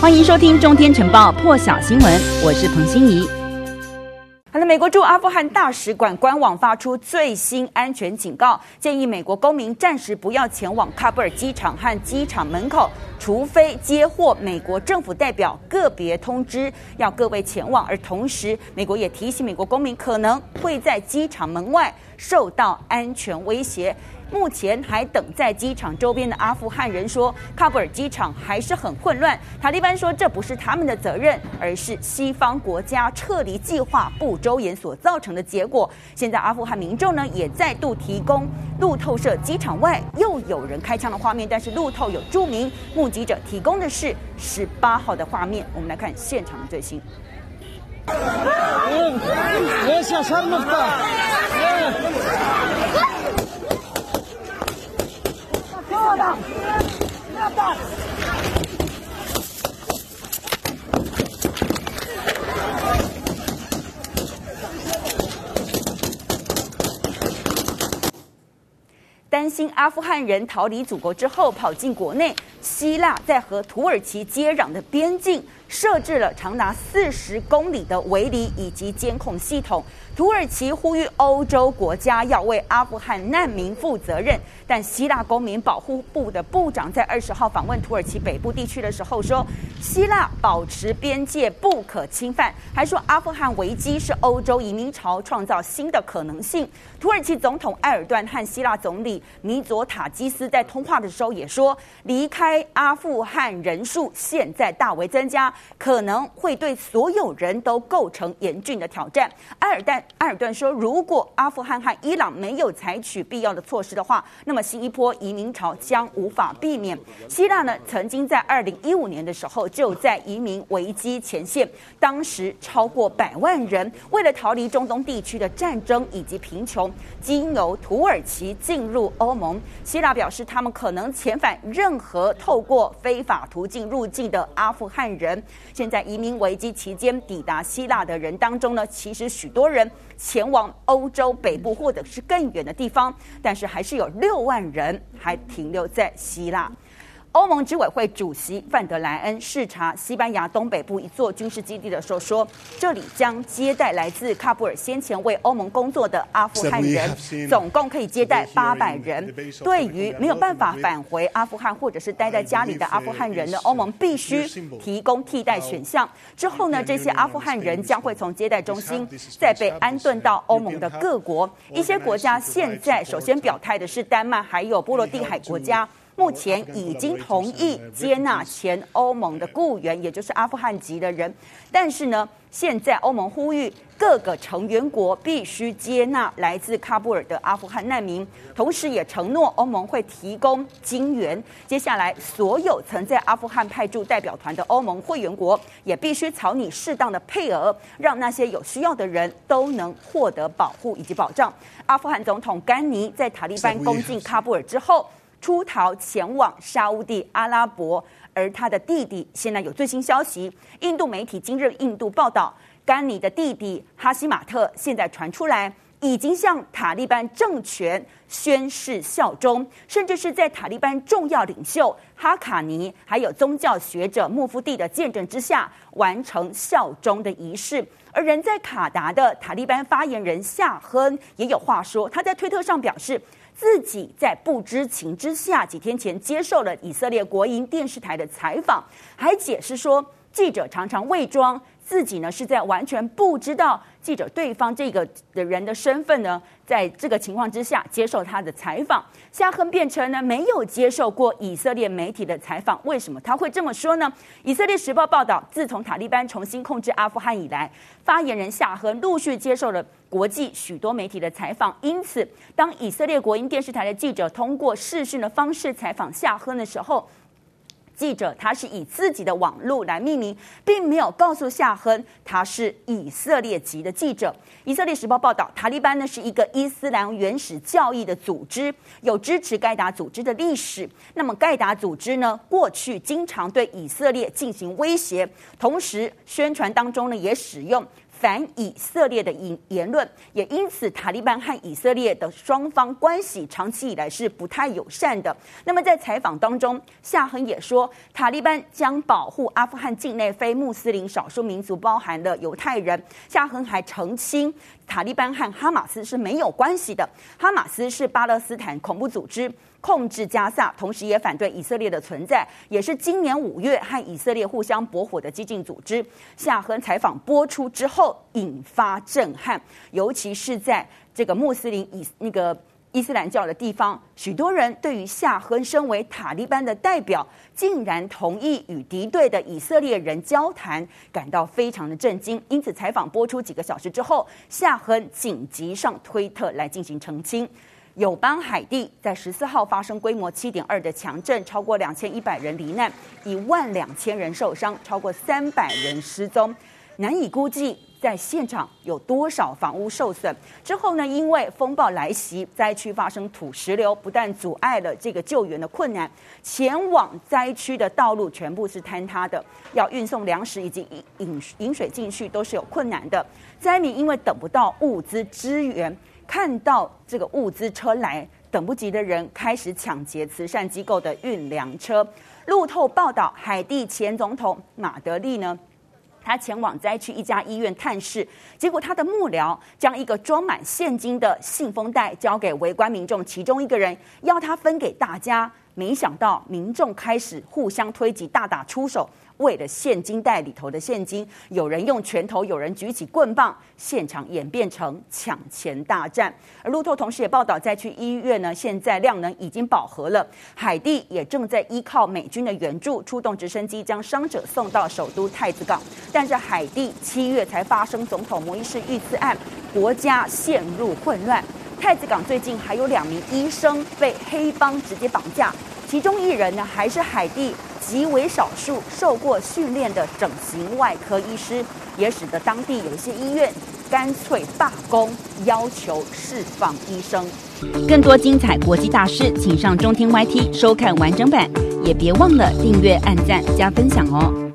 歡迎收聽《中天晨報》破曉新聞，我是彭欣怡。好了，美國駐阿富汗大使館官網，發出最新安全警告，建議美國公民暫時不要前往喀布爾機場和機場門口，除非接獲美國政府代表個別通知要各位前往。而同時，美國也提醒美國公民，可能會在機場門外受到安全威脅。目前還等在機場周邊的阿富汗人說，喀布爾機場還是很混亂。塔利班說這不是他們的責任，而是西方國家撤離計劃不周延所造成的結果。現在阿富汗民眾呢也再度提供路透社機場外又有人開槍的畫面，但是路透有注明目擊者提供的是十八號的畫面。我們來看現場的最新。擔心阿富汗人逃離祖國之後跑進國內，希臘在和土耳其接壤的邊境，設置了長達四十公里的圍籬以及監控系統。土耳其呼籲歐洲國家要為阿富汗難民負責任，但希臘公民保護部的部長在二十號訪問土耳其北部地區的時候說，希臘保持邊界不可侵犯，還說阿富汗危機是歐洲移民潮創造新的可能性。土耳其總統艾爾段和希臘總理米佐塔基斯在通話的時候也說，離開阿富汗人數現在大為增加。可能會對所有人都構成嚴峻的挑戰。艾爾段、艾爾段說，如果阿富汗和伊朗沒有採取必要的措施的話，那麼新一波移民潮將無法避免。希臘呢，曾經在2015年的時候就在移民危機前線，當時超過百萬人為了逃離中東地區的戰爭以及貧窮，經由土耳其進入歐盟。希臘表示，他們可能遣返任何透過非法途徑入境的阿富汗人。現在移民危機期間抵達希臘的人當中呢，其實許多人前往歐洲北部或者是更遠的地方，但是還是有六萬人還停留在希臘。歐盟執委會主席范德萊恩視察西班牙東北部一座軍事基地的時候說：“這裡將接待來自喀布爾先前為歐盟工作的阿富汗人，總共可以接待八百人。對於沒有辦法返回阿富汗或者是待在家裡的阿富汗人呢，歐盟必須提供替代選項。之後呢，這些阿富汗人將會從接待中心再被安頓到歐盟的各國。一些國家現在首先表態的是丹麥，還有波羅的海國家。”目前已經同意接納前歐盟的雇員，也就是阿富汗籍的人。但是呢，現在歐盟呼籲各個成員國必須接納來自喀布爾的阿富汗難民，同時也承諾歐盟會提供金援。接下來，所有曾在阿富汗派駐代表團的歐盟會員國也必須草擬適當的配額，讓那些有需要的人都能獲得保護以及保障。阿富汗總統甘尼在塔利班攻進喀布爾之後，出逃前往沙烏地阿拉伯，而他的弟弟現在有最新消息。印度媒體今日印度報道甘尼的弟弟哈希馬特現在傳出來，已經向塔利班政權宣誓效忠，甚至是在塔利班重要領袖哈卡尼還有宗教學者穆夫蒂的見證之下完成效忠的儀式。而人在卡達的塔利班發言人夏亨也有話說，他在推特上表示。自己在不知情之下，幾天前接受了以色列國營電視台的採訪，還解釋說，記者常常偽裝自己呢，是在完全不知道。記者對方這個的人的身份呢，在這個情況之下接受他的採訪，夏亨辯稱呢沒有接受過以色列媒體的採訪，為什麼他會這麼說呢？以色列時報報道，自從塔利班重新控制阿富汗以來，發言人夏亨陸續接受了國際許多媒體的採訪，因此當以色列國營電視台的記者通過視訊的方式採訪夏亨的時候。記者他是以自己的網路來命名，並沒有告訴夏亨他是以色列籍的記者。以色列時報報道，塔利班呢是一個伊斯蘭原始教義的組織，有支持蓋達組織的歷史。那麼蓋達組織呢，過去經常對以色列進行威脅，同時宣傳當中呢也使用。反以色列的言言論，也因此塔利班和以色列的雙方關係長期以來是不太友善的。那麼在採訪當中，夏亨也說，塔利班將保護阿富汗境內非穆斯林少數民族，包含了猶太人。夏亨還澄清，塔利班和哈馬斯是沒有關係的，哈馬斯是巴勒斯坦恐怖組織。控制加薩，同時也反對以色列的存在，也是今年五月和以色列互相駁火的激進組織。夏亨採訪播出之後，引發震撼，尤其是在這個穆斯林以那個伊斯蘭教的地方，許多人對於夏亨身為塔利班的代表，竟然同意與敵對的以色列人交談，感到非常的震驚。因此，採訪播出幾個小時之後，夏亨緊急上推特來進行澄清。友邦海地在十四號發生規模七點二的強震，超過兩千一百人罹難，一萬兩千人受傷，超過三百人失蹤，難以估計在現場有多少房屋受損。之後呢，因為風暴來襲，災區發生土石流，不但阻礙了這個救援的困難，前往災區的道路全部是坍塌的，要運送糧食以及飲飲飲水進去都是有困難的。災民因為等不到物資支援。看到這個物資車來，等不及的人開始搶劫慈善機構的運糧車。路透報道，海地前總統馬德立呢，他前往災區一家醫院探視，結果他的幕僚將一個裝滿現金的信封袋交給圍觀民眾，其中一個人要他分給大家，沒想到民眾開始互相推擠，大打出手。為了現金袋裡頭的現金，有人用拳頭，有人舉起棍棒，現場演變成搶錢大戰。而路透同時也報道，災區醫院呢，現在量能已經飽和了。海地也正在依靠美軍的援助，出動直升機將傷者送到首都太子港。但是海地七月才發生總統摩依士遇刺案，國家陷入混亂。太子港最近還有兩名醫生被黑幫直接綁架，其中一人呢還是海地。極為少數受過訓練的整形外科醫師，也使得當地有些醫院乾脆罷工，要求釋放醫生。更多精彩國際大事，請上中天 YT 收看完整版，也別忘了訂閱、按讚加分享哦。